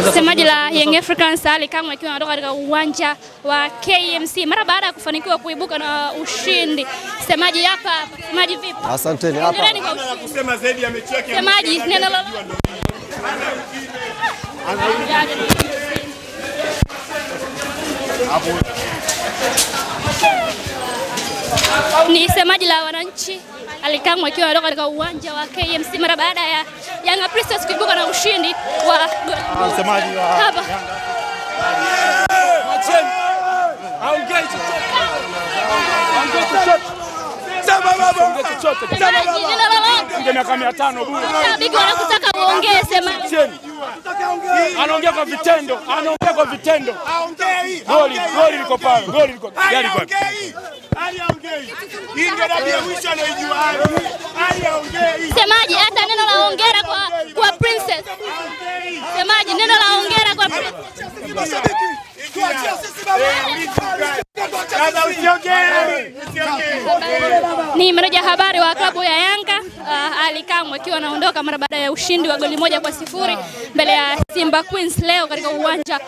Msemaji la Young Africans Ali Kamwe akiwa anatoka katika uwanja wa KMC mara baada ya kufanikiwa kuibuka na ushindi. Msemaji hapa, msemaji vipi? Asanteni hapa. la Kusema zaidi ya mechi yake. Msemaji neno lolote. Ni semaji la wananchi Alikamwe akiwa anatoka katika uwanja wa KMC mara baada ya Yanga Princess ushindi wa msemaji wa hapa miaka mia tano Shabiki wanakutaka sema anaongea kwa vitendo, anaongea kwa vitendo. Goli goli liko pale, goli liko gari kwa semaji hata Ni meneja habari wa klabu ya Yanga uh, Ali Kamwe akiwa anaondoka mara baada ya ushindi wa goli moja kwa sifuri mbele ya Simba Queens leo katika uwanja